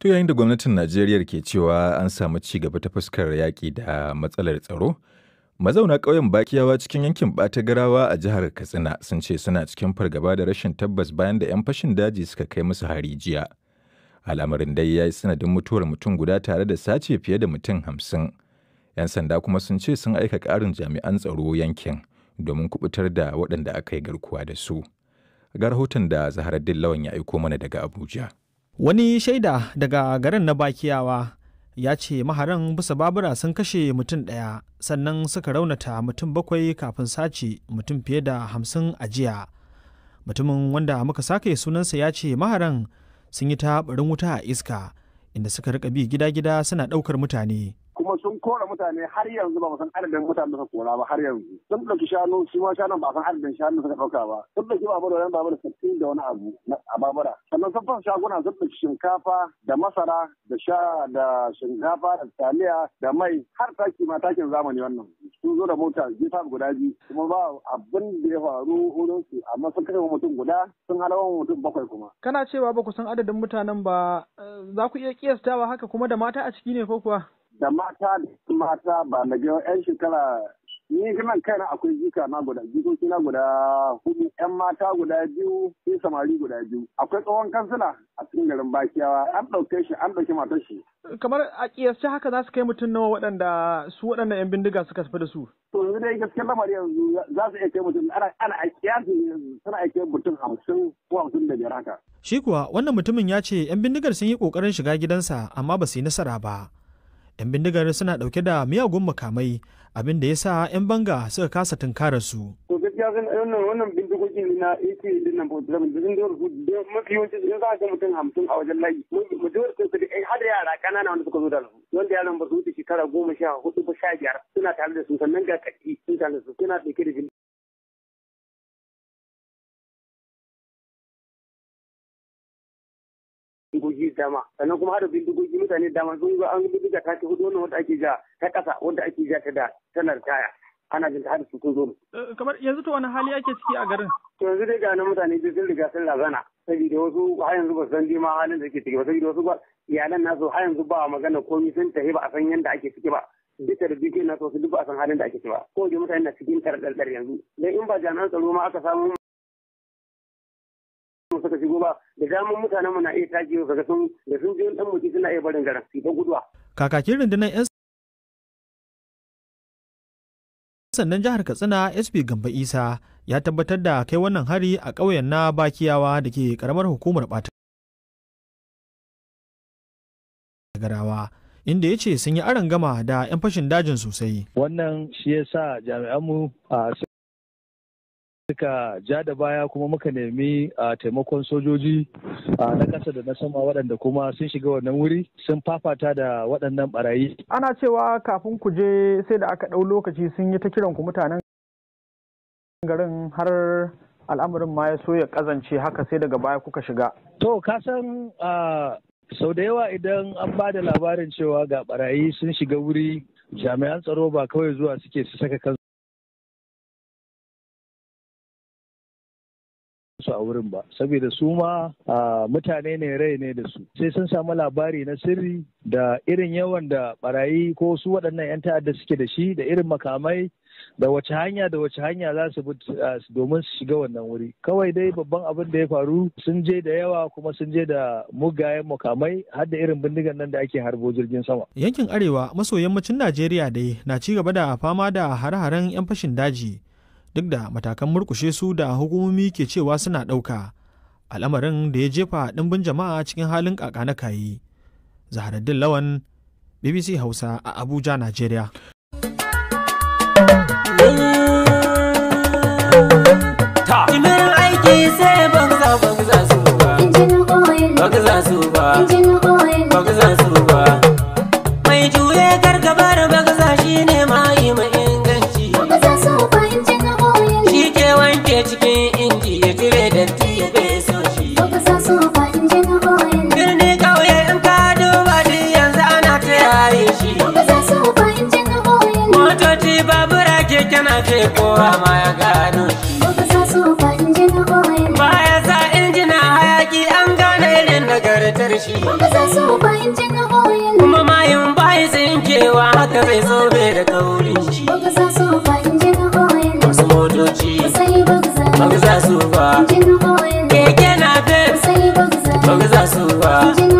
To yayin da gwamnatin Najeriya ke cewa an samu ci gaba ta fuskar yaƙi da matsalar tsaro, mazauna ƙauyen Bakiyawa cikin yankin garawa a jihar Katsina sun ce suna cikin fargaba da rashin tabbas bayan da 'yan fashin daji suka kai musu hari jiya. Al'amarin dai ya yi sanadin mutuwar mutum guda tare da sace fiye da mutum hamsin. 'Yan sanda kuma sun ce sun aika ƙarin jami'an tsaro yankin domin kubutar da waɗanda aka yi garkuwa da su. Ga rahoton da Zaharaddin Lawan ya aiko mana daga Abuja. wani shaida daga garin na bakiyawa ya ce maharan bisa babura sun kashe mutum ɗaya sannan suka raunata mutum bakwai kafin sace mutum fiye da hamsin a jiya mutumin wanda muka sake sunansa ya ce maharan sun yi ta barin wuta a iska inda suka rika bi gida-gida suna ɗaukar mutane kuma sun kora mutane har yanzu ba san adadin mutane suka kora ba har yanzu sun ɗauki shanu shi ma shanun ba san adadin shanu suka ɗauka ba sun ɗauki babura wani babura sittin da wani abu a babura sannan sun fasa shaguna sun ɗauki shinkafa da masara da sha da shinkafa da taliya da mai har taki ma takin zamani wannan sun zo da mota jefa guda biyu kuma ba abin da ya faru wurin su amma sun kashe mutum guda sun halawa mutum bakwai kuma. kana cewa ba ku san adadin mutanen ba eh, za ku iya kiyastawa haka kuma da mata a ciki ne ko kuwa. da mata da mata ba na biyan 'yan shekara ni nan kaina akwai jika na guda jikoki na guda hudu yan mata guda biyu sai samari guda biyu akwai tsohon kansila a cikin garin bakiyawa an ɗauke shi an ɗauki matar shi kamar a kiyasce haka za su kai mutum nawa waɗanda su waɗanda yan bindiga suka tafi da su to yanzu dai gaskiyar lamari yanzu za su iya kai mutum ana ana a kiyasi suna iya kai mutum hamsin ko hamsin da biyar haka shi kuwa wannan mutumin ya ce yan bindigar sun yi ƙoƙarin shiga gidansa amma ba su yi nasara ba 'yan bindigar suna ɗauke da miyagun makamai abin da ya sa 'yan banga suka kasa tunkarar su. To gaskiya wannan wannan bindigogin na AK din nan bauta zaman da zindowar da mafi yawanci su za a ga mutum hamsin a wajen layi. sun su eh, da hada yara ƙanana wanda suka zo da su. Wanda yaran ba su wuce shekara goma sha hudu ba sha biyar suna tare da su sannan ga kaki sun tare da su suna ɗauke da bindigogi dama sannan kuma har bindigogi mutane dama sun zo an bindiga ta ce hudu wannan wanda ake ja ta kasa wanda ake ja ta da sanar taya ana jin ta har su zo zo eh, eh, kamar yanzu to wani hali yake ciki a garin to yanzu dai ga nan mutane da sun riga sun lazana saboda wasu har yanzu ba san dima halin da ke ciki ba saboda wasu ba iyalan nasu har yanzu ba magana komai sun tafi ba a san yanda ake ciki ba duka da duke na so su duk ba a san halin da ake ciki ba ko mutane na cikin tarɗarɗar yanzu dan in ba jami'an tsaro ma aka samu suka shigo ba da damar mutanen mu na iya takewa ga sun da sun je dan mutum suna iya barin garan su ta guduwa kakakin rundunar yan sannan jihar katsina sp gamba isa ya tabbatar da kai wannan hari a ƙauyen na bakiyawa da ke karamar hukumar ɓata garawa inda ya ce sun yi aron gama da 'yan fashin dajin sosai. Wannan shi ya sa jami'anmu a suka ja da baya kuma muka nemi a taimakon sojoji na ƙasa da na sama waɗanda kuma sun shiga wannan wuri sun fafata da waɗannan barayi. Ana cewa kafin ku je sai da aka ɗau lokaci sun yi ta kiran ku mutanen garin har al'amarin ma ya so ya ƙazance haka sai daga baya kuka shiga. To ka san sau da yawa idan an ba da labarin cewa ga barayi sun shiga wuri jami'an tsaro ba kawai zuwa suke su saka kan su a wurin ba saboda su ma mutane ne rai ne da su sai sun samu labari na sirri da irin yawan da barayi ko su waɗannan 'yan ta'adda suke da shi da irin makamai da wace hanya da wace hanya za su bi domin su shiga wannan wuri kawai dai babban abin da ya faru sun je da yawa kuma sun je da mugayen mukamai har da irin bindigan nan da ake harbo jirgin sama yankin arewa maso yammacin najeriya dai na ci gaba da fama da hare-haren 'yan fashin daji duk da matakan murkushe su da hukumomi ke cewa suna ɗauka al'amarin da ya jefa ɗimbin jama'a cikin halin ƙaƙa na kayi zaharaddin lawan bbc hausa a abuja nigeria Bagza su ba, su ba, mai juye gargaba ce kowa ma ya gano shi baya sa injina hayaki an gane irin nagartar shi kuma mayin bayi tsinkewa haka zobe da shi wasu motoci su ba keke na fe su ba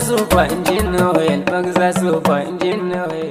super engine oil, oh, Bangsa super engine oil. Oh,